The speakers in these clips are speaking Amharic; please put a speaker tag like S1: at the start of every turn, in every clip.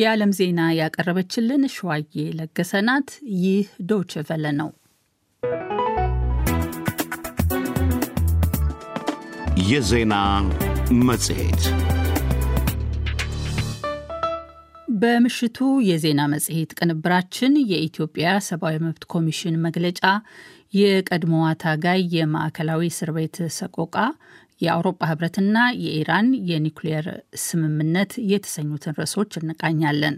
S1: የዓለም ዜና ያቀረበችልን ሸዋዬ ለገሰናት። ይህ ዶች ቨለ ነው።
S2: የዜና መጽሔት
S1: በምሽቱ የዜና መጽሔት ቅንብራችን የኢትዮጵያ ሰብአዊ መብት ኮሚሽን መግለጫ የቀድሞዋ ታጋይ የማዕከላዊ እስር ቤት ሰቆቃ የአውሮፓ ህብረትና የኢራን የኒውክሌር ስምምነት የተሰኙትን ርዕሶች እንቃኛለን።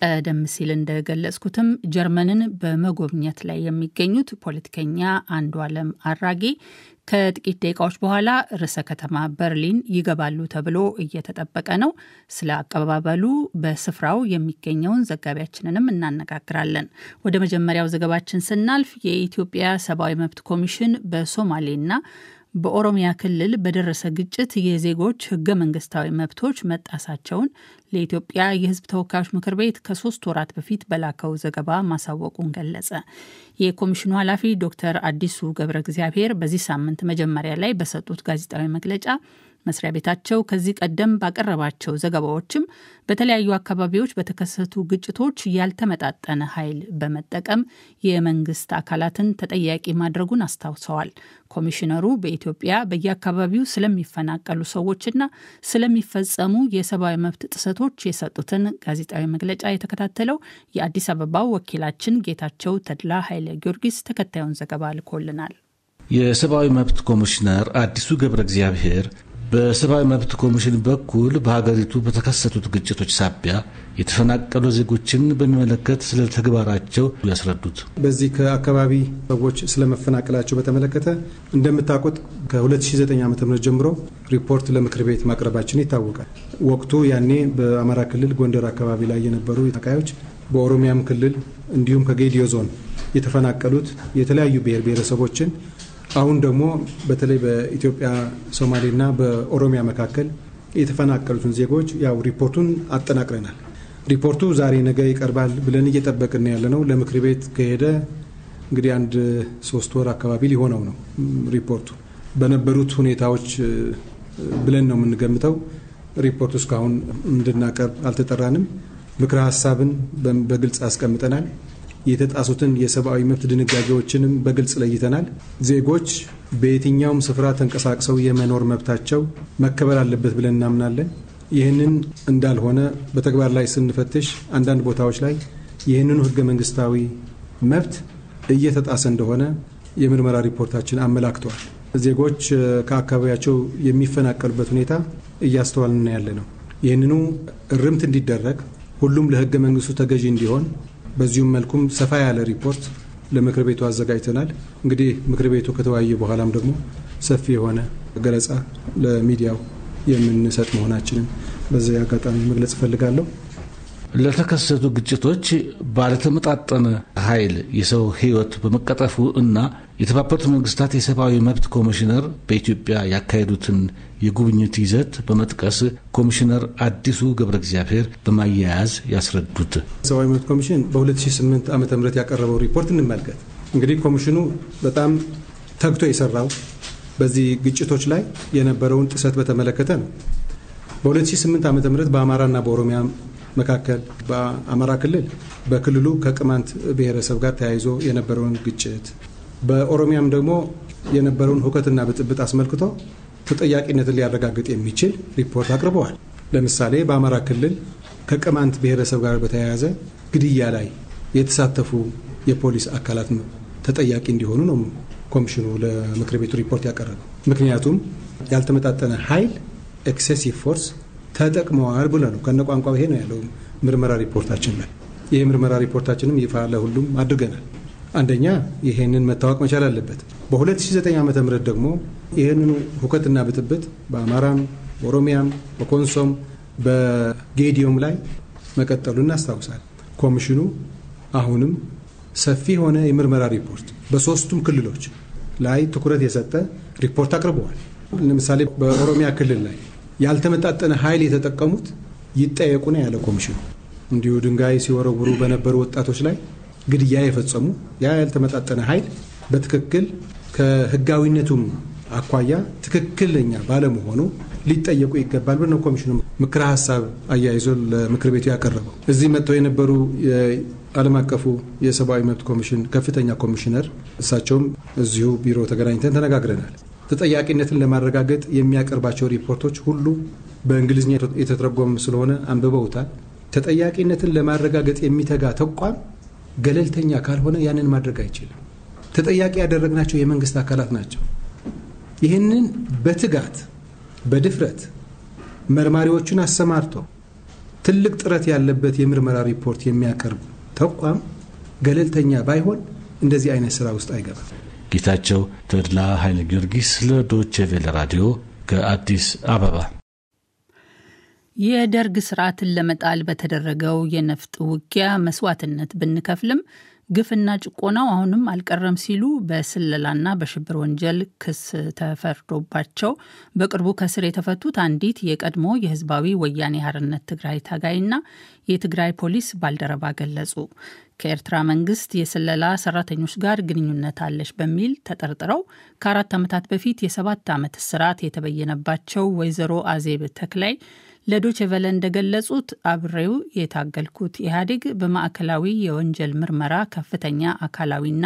S1: ቀደም ሲል እንደገለጽኩትም ጀርመንን በመጎብኘት ላይ የሚገኙት ፖለቲከኛ አንዱዓለም አራጌ ከጥቂት ደቂቃዎች በኋላ ርዕሰ ከተማ በርሊን ይገባሉ ተብሎ እየተጠበቀ ነው። ስለ አቀባበሉ በስፍራው የሚገኘውን ዘጋቢያችንንም እናነጋግራለን። ወደ መጀመሪያው ዘገባችን ስናልፍ የኢትዮጵያ ሰብአዊ መብት ኮሚሽን በሶማሌና በኦሮሚያ ክልል በደረሰ ግጭት የዜጎች ህገ መንግስታዊ መብቶች መጣሳቸውን ለኢትዮጵያ የህዝብ ተወካዮች ምክር ቤት ከሶስት ወራት በፊት በላከው ዘገባ ማሳወቁን ገለጸ። የኮሚሽኑ ኃላፊ ዶክተር አዲሱ ገብረ እግዚአብሔር በዚህ ሳምንት መጀመሪያ ላይ በሰጡት ጋዜጣዊ መግለጫ መስሪያ ቤታቸው ከዚህ ቀደም ባቀረባቸው ዘገባዎችም በተለያዩ አካባቢዎች በተከሰቱ ግጭቶች ያልተመጣጠነ ኃይል በመጠቀም የመንግስት አካላትን ተጠያቂ ማድረጉን አስታውሰዋል። ኮሚሽነሩ በኢትዮጵያ በየአካባቢው ስለሚፈናቀሉ ሰዎችና ስለሚፈጸሙ የሰብአዊ መብት ጥሰቶች የሰጡትን ጋዜጣዊ መግለጫ የተከታተለው የአዲስ አበባው ወኪላችን ጌታቸው ተድላ ኃይለ ጊዮርጊስ ተከታዩን ዘገባ ልኮልናል።
S2: የሰብአዊ መብት ኮሚሽነር አዲሱ ገብረ እግዚአብሔር በሰብአዊ መብት ኮሚሽን በኩል በሀገሪቱ በተከሰቱት ግጭቶች ሳቢያ የተፈናቀሉ ዜጎችን በሚመለከት ስለ ተግባራቸው ያስረዱት በዚህ ከአካባቢ ሰዎች ስለመፈናቀላቸው በተመለከተ እንደምታውቁት ከ2009 ዓ ም ጀምሮ ሪፖርት ለምክር ቤት ማቅረባችን ይታወቃል። ወቅቱ ያኔ በአማራ ክልል ጎንደር አካባቢ ላይ የነበሩ ተቃዮች በኦሮሚያም ክልል እንዲሁም ከጌዲዮ ዞን የተፈናቀሉት የተለያዩ ብሔር ብሔረሰቦችን አሁን ደግሞ በተለይ በኢትዮጵያ ሶማሌ እና በኦሮሚያ መካከል የተፈናቀሉትን ዜጎች ያው ሪፖርቱን አጠናቅረናል። ሪፖርቱ ዛሬ ነገ ይቀርባል ብለን እየጠበቅን ያለ ነው። ለምክር ቤት ከሄደ እንግዲህ አንድ ሶስት ወር አካባቢ ሊሆነው ነው ሪፖርቱ። በነበሩት ሁኔታዎች ብለን ነው የምንገምተው። ሪፖርቱ እስካሁን እንድናቀርብ አልተጠራንም። ምክረ ሀሳብን በግልጽ አስቀምጠናል። የተጣሱትን የሰብአዊ መብት ድንጋጌዎችንም በግልጽ ለይተናል። ዜጎች በየትኛውም ስፍራ ተንቀሳቅሰው የመኖር መብታቸው መከበር አለበት ብለን እናምናለን። ይህንን እንዳልሆነ በተግባር ላይ ስንፈትሽ አንዳንድ ቦታዎች ላይ ይህንኑ ህገ መንግስታዊ መብት እየተጣሰ እንደሆነ የምርመራ ሪፖርታችን አመላክተዋል። ዜጎች ከአካባቢያቸው የሚፈናቀሉበት ሁኔታ እያስተዋልና ያለ ነው። ይህንኑ እርምት እንዲደረግ ሁሉም ለህገ መንግስቱ ተገዢ እንዲሆን በዚሁም መልኩም ሰፋ ያለ ሪፖርት ለምክር ቤቱ አዘጋጅተናል። እንግዲህ ምክር ቤቱ ከተወያየ በኋላም ደግሞ ሰፊ የሆነ ገለጻ ለሚዲያው የምንሰጥ መሆናችንን በዚህ አጋጣሚ መግለጽ እፈልጋለሁ። ለተከሰቱ ግጭቶች ባለተመጣጠነ ኃይል የሰው ሕይወት በመቀጠፉ እና የተባበሩት መንግስታት የሰብአዊ መብት ኮሚሽነር በኢትዮጵያ ያካሄዱትን የጉብኝት ይዘት በመጥቀስ ኮሚሽነር አዲሱ ገብረ እግዚአብሔር በማያያዝ ያስረዱት ሰብአዊ መብት ኮሚሽን በ2008 ዓ ም ያቀረበው ሪፖርት እንመልከት። እንግዲህ ኮሚሽኑ በጣም ተግቶ የሰራው በዚህ ግጭቶች ላይ የነበረውን ጥሰት በተመለከተ ነው። በ2008 ዓ ም በአማራና በኦሮሚያ መካከል በአማራ ክልል በክልሉ ከቅማንት ብሔረሰብ ጋር ተያይዞ የነበረውን ግጭት በኦሮሚያም ደግሞ የነበረውን ሁከትና ብጥብጥ አስመልክቶ ተጠያቂነትን ሊያረጋግጥ የሚችል ሪፖርት አቅርበዋል። ለምሳሌ በአማራ ክልል ከቅማንት ብሔረሰብ ጋር በተያያዘ ግድያ ላይ የተሳተፉ የፖሊስ አካላት ተጠያቂ እንዲሆኑ ነው ኮሚሽኑ ለምክር ቤቱ ሪፖርት ያቀረበው። ምክንያቱም ያልተመጣጠነ ኃይል ኤክሴሲቭ ፎርስ ተጠቅመዋል ብለ ነው ከነ ቋንቋ ይሄ ነው ያለው ምርመራ ሪፖርታችን ላይ። ይህ ምርመራ ሪፖርታችንም ይፋ ለሁሉም አድርገናል። አንደኛ ይሄንን መታወቅ መቻል አለበት። በ2009 ዓ ም ደግሞ ይህንኑ ሁከትና ብጥብጥ በአማራም፣ በኦሮሚያም፣ በኮንሶም በጌዲዮም ላይ መቀጠሉን እናስታውሳል። ኮሚሽኑ አሁንም ሰፊ የሆነ የምርመራ ሪፖርት በሶስቱም ክልሎች ላይ ትኩረት የሰጠ ሪፖርት አቅርበዋል። ለምሳሌ በኦሮሚያ ክልል ላይ ያልተመጣጠነ ኃይል የተጠቀሙት ይጠየቁ ነው ያለ ኮሚሽኑ እንዲሁ ድንጋይ ሲወረውሩ በነበሩ ወጣቶች ላይ ግድያ የፈጸሙ ያ ያልተመጣጠነ ኃይል በትክክል ከህጋዊነቱም አኳያ ትክክለኛ ባለመሆኑ ሊጠየቁ ይገባል ብለው ኮሚሽኑ ምክረ ሀሳብ አያይዞ ለምክር ቤቱ ያቀረበው። እዚህ መጥተው የነበሩ የዓለም አቀፉ የሰብአዊ መብት ኮሚሽን ከፍተኛ ኮሚሽነር፣ እሳቸውም እዚሁ ቢሮ ተገናኝተን ተነጋግረናል። ተጠያቂነትን ለማረጋገጥ የሚያቀርባቸው ሪፖርቶች ሁሉ በእንግሊዝኛ የተተረጎሙ ስለሆነ አንብበውታል። ተጠያቂነትን ለማረጋገጥ የሚተጋ ተቋም ገለልተኛ ካልሆነ ያንን ማድረግ አይችልም። ተጠያቂ ያደረግናቸው የመንግስት አካላት ናቸው። ይህንን በትጋት በድፍረት መርማሪዎቹን አሰማርቶ ትልቅ ጥረት ያለበት የምርመራ ሪፖርት የሚያቀርብ ተቋም ገለልተኛ ባይሆን እንደዚህ አይነት ስራ ውስጥ አይገባም።
S3: ጌታቸው ተድላ ሀይል ጊዮርጊስ ለዶቼ ቬለ ራዲዮ ከአዲስ አበባ
S1: የደርግ ስርዓትን ለመጣል በተደረገው የነፍጥ ውጊያ መስዋዕትነት ብንከፍልም ግፍና ጭቆናው አሁንም አልቀረም ሲሉ በስለላና በሽብር ወንጀል ክስ ተፈርዶባቸው በቅርቡ ከስር የተፈቱት አንዲት የቀድሞ የህዝባዊ ወያኔ ሓርነት ትግራይ ታጋይና የትግራይ ፖሊስ ባልደረባ ገለጹ። ከኤርትራ መንግስት የስለላ ሰራተኞች ጋር ግንኙነት አለች በሚል ተጠርጥረው ከአራት ዓመታት በፊት የሰባት ዓመት እስራት የተበየነባቸው ወይዘሮ አዜብ ተክላይ ለዶቸቨለ ቨለ እንደገለጹት አብሬው የታገልኩት ኢህአዴግ በማዕከላዊ የወንጀል ምርመራ ከፍተኛ አካላዊና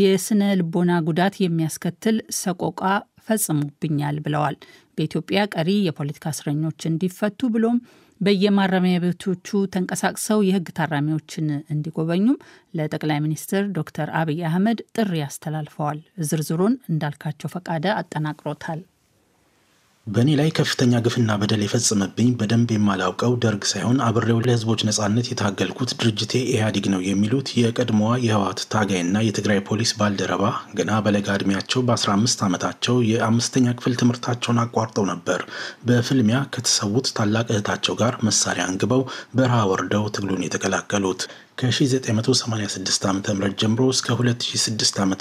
S1: የስነ ልቦና ጉዳት የሚያስከትል ሰቆቃ ፈጽሙብኛል ብለዋል። በኢትዮጵያ ቀሪ የፖለቲካ እስረኞች እንዲፈቱ ብሎም በየማረሚያ ቤቶቹ ተንቀሳቅሰው የህግ ታራሚዎችን እንዲጎበኙም ለጠቅላይ ሚኒስትር ዶክተር አብይ አህመድ ጥሪ አስተላልፈዋል። ዝርዝሩን እንዳልካቸው ፈቃደ አጠናቅሮታል።
S3: በእኔ ላይ ከፍተኛ ግፍና በደል የፈጸመብኝ በደንብ የማላውቀው ደርግ ሳይሆን አብሬው ለህዝቦች ነጻነት የታገልኩት ድርጅቴ ኢህአዴግ ነው የሚሉት የቀድሞዋ የህወሓት ታጋይና የትግራይ ፖሊስ ባልደረባ ገና በለጋ ዕድሜያቸው በ15 ዓመታቸው የአምስተኛ ክፍል ትምህርታቸውን አቋርጠው ነበር። በፍልሚያ ከተሰዉት ታላቅ እህታቸው ጋር መሳሪያ አንግበው በረሃ ወርደው ትግሉን የተቀላቀሉት ከ1986 ዓ ም ጀምሮ እስከ 2006 ዓ ም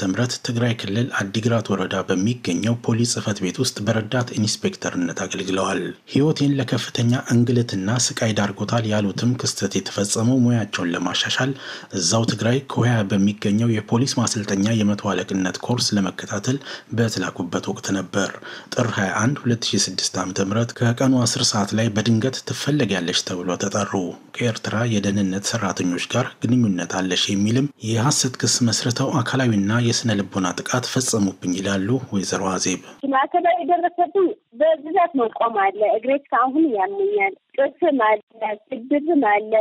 S3: ትግራይ ክልል አዲግራት ወረዳ በሚገኘው ፖሊስ ጽህፈት ቤት ውስጥ በረዳት ኢንስፔክተርነት አገልግለዋል። ህይወቴን ለከፍተኛ እንግልትና ስቃይ ዳርጎታል ያሉትም ክስተት የተፈጸመው ሙያቸውን ለማሻሻል እዛው ትግራይ ኮያ በሚገኘው የፖሊስ ማሰልጠኛ የመቶ አለቅነት ኮርስ ለመከታተል በተላኩበት ወቅት ነበር። ጥር 21 2006 ዓ ም ከቀኑ 10 ሰዓት ላይ በድንገት ትፈለጊያለች ተብሎ ተጠሩ። ከኤርትራ የደህንነት ሰራተኞች ጋር ግንኙነት አለሽ የሚልም የሐሰት ክስ መስርተው አካላዊና የስነ ልቦና ጥቃት ፈጸሙብኝ ይላሉ ወይዘሮ አዜብ።
S4: ማዕከላዊ የደረሰብኝ በብዛት መቆም አለ። እግሬ እስካሁን ያመኛል። ጥርስም አለ፣ ስድብም አለ።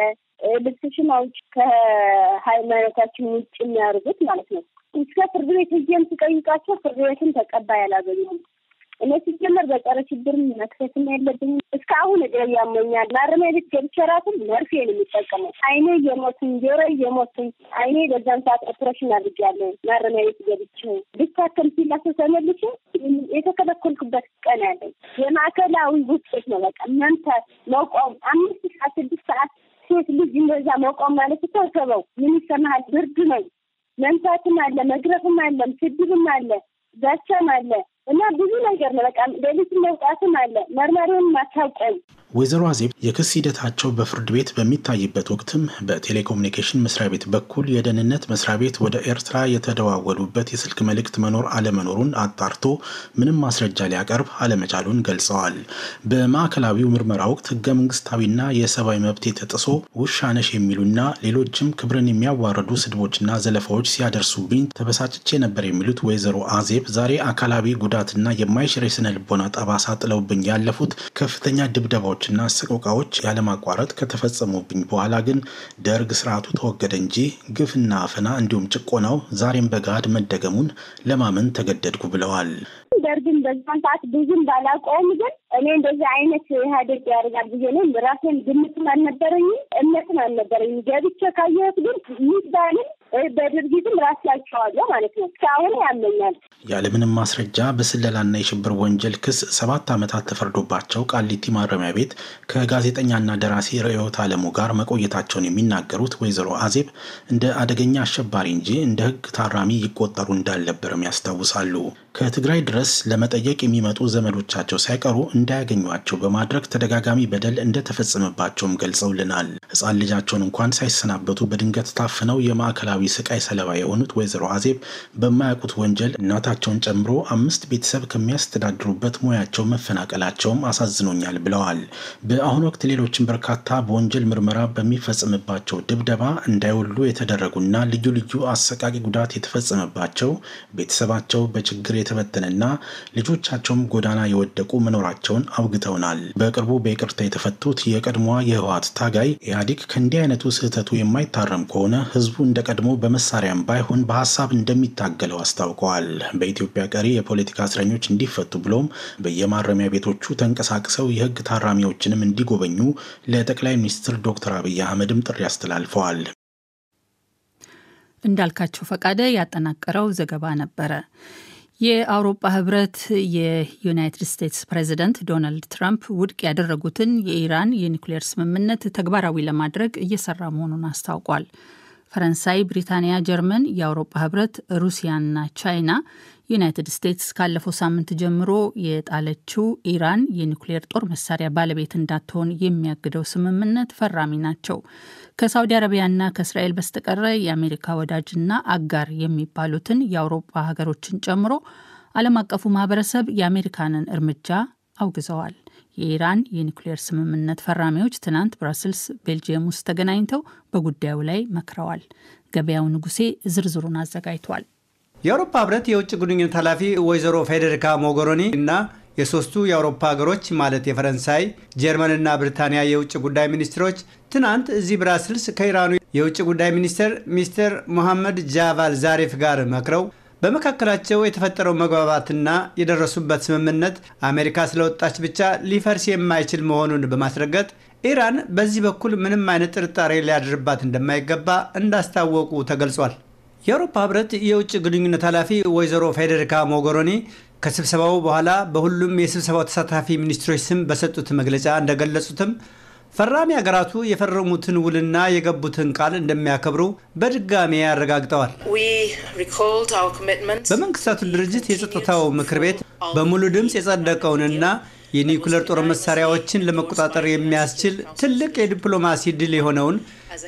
S4: ልብስሽም አውጪ ከሃይማኖታችን ውጭ የሚያርጉት ማለት ነው። እስከ ፍርድ ቤት ህጄም ስጠይቃቸው ፍርድ ቤትም ተቀባይ አላገኙም። እኔ ሲጀመር በጸረ ሽብር መክሰስም ያለብኝ እስካሁን እግሬ ያመኛል። ማረሚያ ቤት ገብቼ እራሱን መርፌ ነው የሚጠቀመው። አይኔ እየሞቱኝ ጆሮ እየሞቱኝ አይኔ በዛን ሰዓት ኦፕሬሽን አድርጌያለሁ። ማረሚያ ቤት ገብቼ ልታከም ሲላቸው ተመልሼ የተከለከልኩበት ቀን ያለኝ የማዕከላዊ ውጤት ነው። በቃ መንተ መቆም አምስት ሰዓት ስድስት ሰዓት ሴት ልጅ እንደዛ መቆም ማለት ተውሰበው ምን ይሰማሃል? ብርድ ነው። መንታትም አለ፣ መግረፍም አለ፣ ስድብም አለ፣ ዛቻም አለ። እና ብዙ ነገር ነው። በቃ ሌሊት መውጣትም አለ መርማሪውን ማታውቀን
S3: ወይዘሮ አዜብ የክስ ሂደታቸው በፍርድ ቤት በሚታይበት ወቅትም በቴሌኮሙኒኬሽን መስሪያ ቤት በኩል የደህንነት መስሪያ ቤት ወደ ኤርትራ የተደዋወሉበት የስልክ መልእክት መኖር አለመኖሩን አጣርቶ ምንም ማስረጃ ሊያቀርብ አለመቻሉን ገልጸዋል። በማዕከላዊው ምርመራ ወቅት ህገ መንግስታዊና የሰብአዊ መብት ተጥሶ ውሻነሽ የሚሉና ሌሎችም ክብርን የሚያዋረዱ ስድቦችና ዘለፋዎች ሲያደርሱብኝ ተበሳጭቼ ነበር የሚሉት ወይዘሮ አዜብ ዛሬ አካላዊ ጉዳትና የማይሽር የስነ ልቦና ጠባሳ ጥለውብኝ ያለፉት ከፍተኛ ድብደባዎች ግድያዎችና ስቆቃዎች ያለማቋረጥ ከተፈጸሙብኝ በኋላ ግን ደርግ ስርዓቱ ተወገደ እንጂ ግፍና አፈና እንዲሁም ጭቆናው ዛሬም በገሃድ መደገሙን ለማመን ተገደድኩ ብለዋል።
S4: ደርግን በዛን ሰዓት ብዙም ባላውቀውም ግን እኔ እንደዚህ አይነት ኢህአዴግ ያደርጋል ብዬ እኔም ራሴን ግምትም አልነበረኝም እምነትም አልነበረኝም። ገብቼ ካየሁት ግን ይባልም በድርጊትም ራሴ ያቸዋለሁ ማለት ነው። እስካሁን ያመኛል።
S3: ያለምንም ማስረጃ በስለላና የሽብር ወንጀል ክስ ሰባት ዓመታት ተፈርዶባቸው ቃሊቲ ማረሚያ ቤት ከጋዜጠኛና ደራሲ ርዕዮት አለሙ ጋር መቆየታቸውን የሚናገሩት ወይዘሮ አዜብ እንደ አደገኛ አሸባሪ እንጂ እንደ ሕግ ታራሚ ይቆጠሩ እንዳልነበርም ያስታውሳሉ። ከትግራይ ድረስ ለመጠየቅ የሚመጡ ዘመዶቻቸው ሳይቀሩ እንዳያገኟቸው በማድረግ ተደጋጋሚ በደል እንደተፈጸመባቸውም ገልጸውልናል። ሕፃን ልጃቸውን እንኳን ሳይሰናበቱ በድንገት ታፍነው የማዕከላዊ ስቃይ ሰለባ የሆኑት ወይዘሮ አዜብ በማያውቁት ወንጀል እናት እናታቸውን ጨምሮ አምስት ቤተሰብ ከሚያስተዳድሩበት ሙያቸው መፈናቀላቸውም አሳዝኖኛል ብለዋል። በአሁኑ ወቅት ሌሎችን በርካታ በወንጀል ምርመራ በሚፈጽምባቸው ድብደባ እንዳይወሉ የተደረጉና ልዩ ልዩ አሰቃቂ ጉዳት የተፈጸመባቸው ቤተሰባቸው በችግር የተበተነና ልጆቻቸውም ጎዳና የወደቁ መኖራቸውን አውግተውናል። በቅርቡ በይቅርታ የተፈቱት የቀድሞዋ የህወሓት ታጋይ ኢህአዲግ ከእንዲህ አይነቱ ስህተቱ የማይታረም ከሆነ ህዝቡ እንደ ቀድሞ በመሳሪያም ባይሆን በሀሳብ እንደሚታገለው አስታውቀዋል። በኢትዮጵያ ቀሪ የፖለቲካ እስረኞች እንዲፈቱ ብሎም በየማረሚያ ቤቶቹ ተንቀሳቅሰው የህግ ታራሚዎችንም እንዲጎበኙ ለጠቅላይ ሚኒስትር ዶክተር አብይ አህመድም ጥሪ አስተላልፈዋል።
S1: እንዳልካቸው ፈቃደ ያጠናቀረው ዘገባ ነበረ። የአውሮፓ ህብረት የዩናይትድ ስቴትስ ፕሬዚደንት ዶናልድ ትራምፕ ውድቅ ያደረጉትን የኢራን የኒውክሌር ስምምነት ተግባራዊ ለማድረግ እየሰራ መሆኑን አስታውቋል። ፈረንሳይ፣ ብሪታንያ፣ ጀርመን፣ የአውሮፓ ህብረት፣ ሩሲያና ቻይና ዩናይትድ ስቴትስ ካለፈው ሳምንት ጀምሮ የጣለችው ኢራን የኒውክሌር ጦር መሳሪያ ባለቤት እንዳትሆን የሚያግደው ስምምነት ፈራሚ ናቸው። ከሳውዲ አረቢያና ከእስራኤል በስተቀረ የአሜሪካ ወዳጅና አጋር የሚባሉትን የአውሮፓ ሀገሮችን ጨምሮ ዓለም አቀፉ ማህበረሰብ የአሜሪካንን እርምጃ አውግዘዋል። የኢራን የኒውክሌር ስምምነት ፈራሚዎች ትናንት ብራስልስ ቤልጅየም ውስጥ ተገናኝተው በጉዳዩ ላይ መክረዋል። ገበያው ንጉሴ ዝርዝሩን አዘጋጅቷል።
S5: የአውሮፓ ህብረት የውጭ ግንኙነት ኃላፊ ወይዘሮ ፌዴሪካ ሞጎሮኒ እና የሶስቱ የአውሮፓ ሀገሮች ማለት የፈረንሳይ፣ ጀርመንና ብሪታንያ የውጭ ጉዳይ ሚኒስትሮች ትናንት እዚህ ብራስልስ ከኢራኑ የውጭ ጉዳይ ሚኒስትር ሚስተር ሞሐመድ ጃቫል ዛሪፍ ጋር መክረው በመካከላቸው የተፈጠረው መግባባትና የደረሱበት ስምምነት አሜሪካ ስለወጣች ብቻ ሊፈርስ የማይችል መሆኑን በማስረገጥ ኢራን በዚህ በኩል ምንም አይነት ጥርጣሬ ሊያድርባት እንደማይገባ እንዳስታወቁ ተገልጿል። የአውሮፓ ህብረት የውጭ ግንኙነት ኃላፊ ወይዘሮ ፌዴሪካ ሞጎሮኒ ከስብሰባው በኋላ በሁሉም የስብሰባው ተሳታፊ ሚኒስትሮች ስም በሰጡት መግለጫ እንደገለጹትም ፈራሚ ሀገራቱ የፈረሙትን ውልና የገቡትን ቃል እንደሚያከብሩ በድጋሜ አረጋግጠዋል። በመንግስታቱ ድርጅት የጸጥታው ምክር ቤት በሙሉ ድምፅ የጸደቀውንና የኒውክለር ጦር መሳሪያዎችን ለመቆጣጠር የሚያስችል ትልቅ የዲፕሎማሲ ድል የሆነውን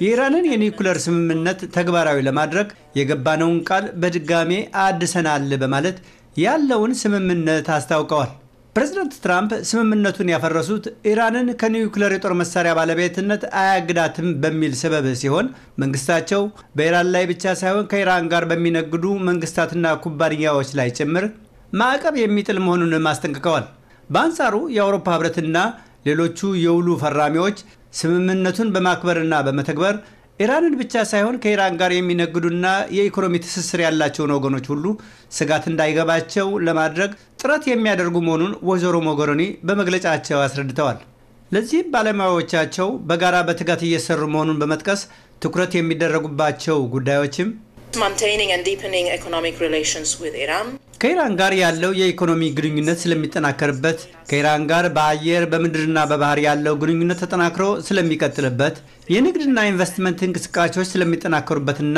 S5: የኢራንን የኒውክለር ስምምነት ተግባራዊ ለማድረግ የገባነውን ቃል በድጋሜ አድሰናል በማለት ያለውን ስምምነት አስታውቀዋል። ፕሬዝደንት ትራምፕ ስምምነቱን ያፈረሱት ኢራንን ከኒውክሌር የጦር መሳሪያ ባለቤትነት አያግዳትም በሚል ሰበብ ሲሆን መንግስታቸው በኢራን ላይ ብቻ ሳይሆን ከኢራን ጋር በሚነግዱ መንግስታትና ኩባንያዎች ላይ ጭምር ማዕቀብ የሚጥል መሆኑንም አስጠንቅቀዋል። በአንጻሩ የአውሮፓ ህብረትና ሌሎቹ የውሉ ፈራሚዎች ስምምነቱን በማክበርና በመተግበር ኢራንን ብቻ ሳይሆን ከኢራን ጋር የሚነግዱና የኢኮኖሚ ትስስር ያላቸውን ወገኖች ሁሉ ስጋት እንዳይገባቸው ለማድረግ ጥረት የሚያደርጉ መሆኑን ወይዘሮ ሞገሪኒ በመግለጫቸው አስረድተዋል። ለዚህም ባለሙያዎቻቸው በጋራ በትጋት እየሰሩ መሆኑን በመጥቀስ ትኩረት የሚደረጉባቸው ጉዳዮችም ኢራን ከኢራን ጋር ያለው የኢኮኖሚ ግንኙነት ስለሚጠናከርበት፣ ከኢራን ጋር በአየር በምድርና በባህር ያለው ግንኙነት ተጠናክሮ ስለሚቀጥልበት፣ የንግድና ኢንቨስትመንት እንቅስቃሴዎች ስለሚጠናከሩበትና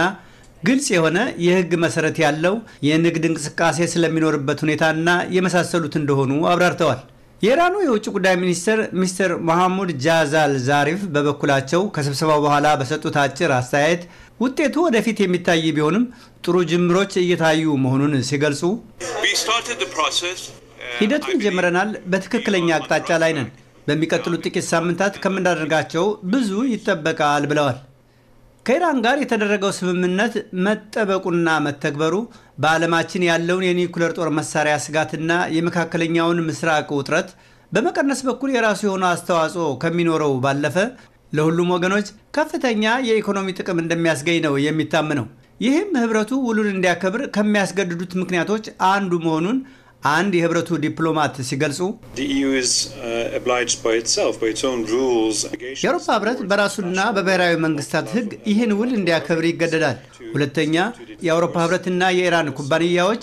S5: ግልጽ የሆነ የሕግ መሰረት ያለው የንግድ እንቅስቃሴ ስለሚኖርበት ሁኔታና የመሳሰሉት እንደሆኑ አብራርተዋል። የኢራኑ የውጭ ጉዳይ ሚኒስትር ሚስተር መሐሙድ ጃዛል ዛሪፍ በበኩላቸው ከስብሰባው በኋላ በሰጡት አጭር አስተያየት ውጤቱ ወደፊት የሚታይ ቢሆንም ጥሩ ጅምሮች እየታዩ መሆኑን ሲገልጹ ሂደቱን ጀምረናል፣ በትክክለኛ አቅጣጫ ላይ ነን፣ በሚቀጥሉት ጥቂት ሳምንታት ከምናደርጋቸው ብዙ ይጠበቃል ብለዋል። ከኢራን ጋር የተደረገው ስምምነት መጠበቁና መተግበሩ በዓለማችን ያለውን የኒውክለር ጦር መሳሪያ ስጋትና የመካከለኛውን ምስራቅ ውጥረት በመቀነስ በኩል የራሱ የሆነ አስተዋጽኦ ከሚኖረው ባለፈ ለሁሉም ወገኖች ከፍተኛ የኢኮኖሚ ጥቅም እንደሚያስገኝ ነው የሚታምነው። ይህም ህብረቱ ውሉን እንዲያከብር ከሚያስገድዱት ምክንያቶች አንዱ መሆኑን አንድ የህብረቱ ዲፕሎማት ሲገልጹ e
S2: uh,
S5: የአውሮፓ ህብረት በራሱና በብሔራዊ መንግስታት ህግ ይህን ውል እንዲያከብር ይገደዳል። ሁለተኛ የአውሮፓ ህብረትና የኢራን ኩባንያዎች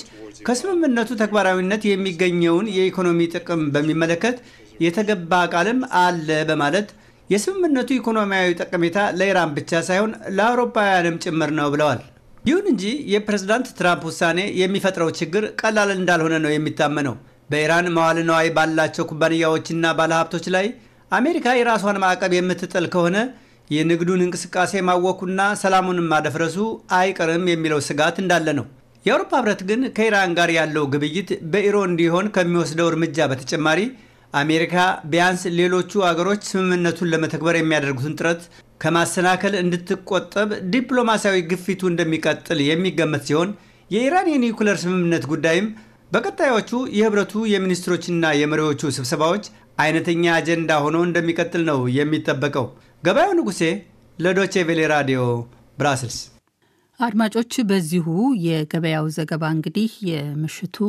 S5: ከስምምነቱ ተግባራዊነት የሚገኘውን የኢኮኖሚ ጥቅም በሚመለከት የተገባ ቃልም አለ በማለት የስምምነቱ ኢኮኖሚያዊ ጠቀሜታ ለኢራን ብቻ ሳይሆን ለአውሮፓውያንም ጭምር ነው ብለዋል። ይሁን እንጂ የፕሬዝዳንት ትራምፕ ውሳኔ የሚፈጥረው ችግር ቀላል እንዳልሆነ ነው የሚታመነው። በኢራን መዋዕለ ነዋይ ባላቸው ኩባንያዎችና ባለሀብቶች ላይ አሜሪካ የራሷን ማዕቀብ የምትጥል ከሆነ የንግዱን እንቅስቃሴ ማወኩና ሰላሙን ማደፍረሱ አይቀርም የሚለው ስጋት እንዳለ ነው። የአውሮፓ ህብረት ግን ከኢራን ጋር ያለው ግብይት በኢሮ እንዲሆን ከሚወስደው እርምጃ በተጨማሪ አሜሪካ ቢያንስ ሌሎቹ አገሮች ስምምነቱን ለመተግበር የሚያደርጉትን ጥረት ከማሰናከል እንድትቆጠብ ዲፕሎማሲያዊ ግፊቱ እንደሚቀጥል የሚገመት ሲሆን የኢራን የኒውክለር ስምምነት ጉዳይም በቀጣዮቹ የህብረቱ የሚኒስትሮችና የመሪዎቹ ስብሰባዎች አይነተኛ አጀንዳ ሆኖ እንደሚቀጥል ነው የሚጠበቀው። ገበያው ንጉሴ ለዶቼ ቬሌ ራዲዮ ብራስልስ።
S1: አድማጮች፣ በዚሁ የገበያው ዘገባ እንግዲህ የምሽቱ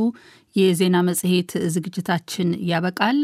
S1: የዜና መጽሔት ዝግጅታችን ያበቃል።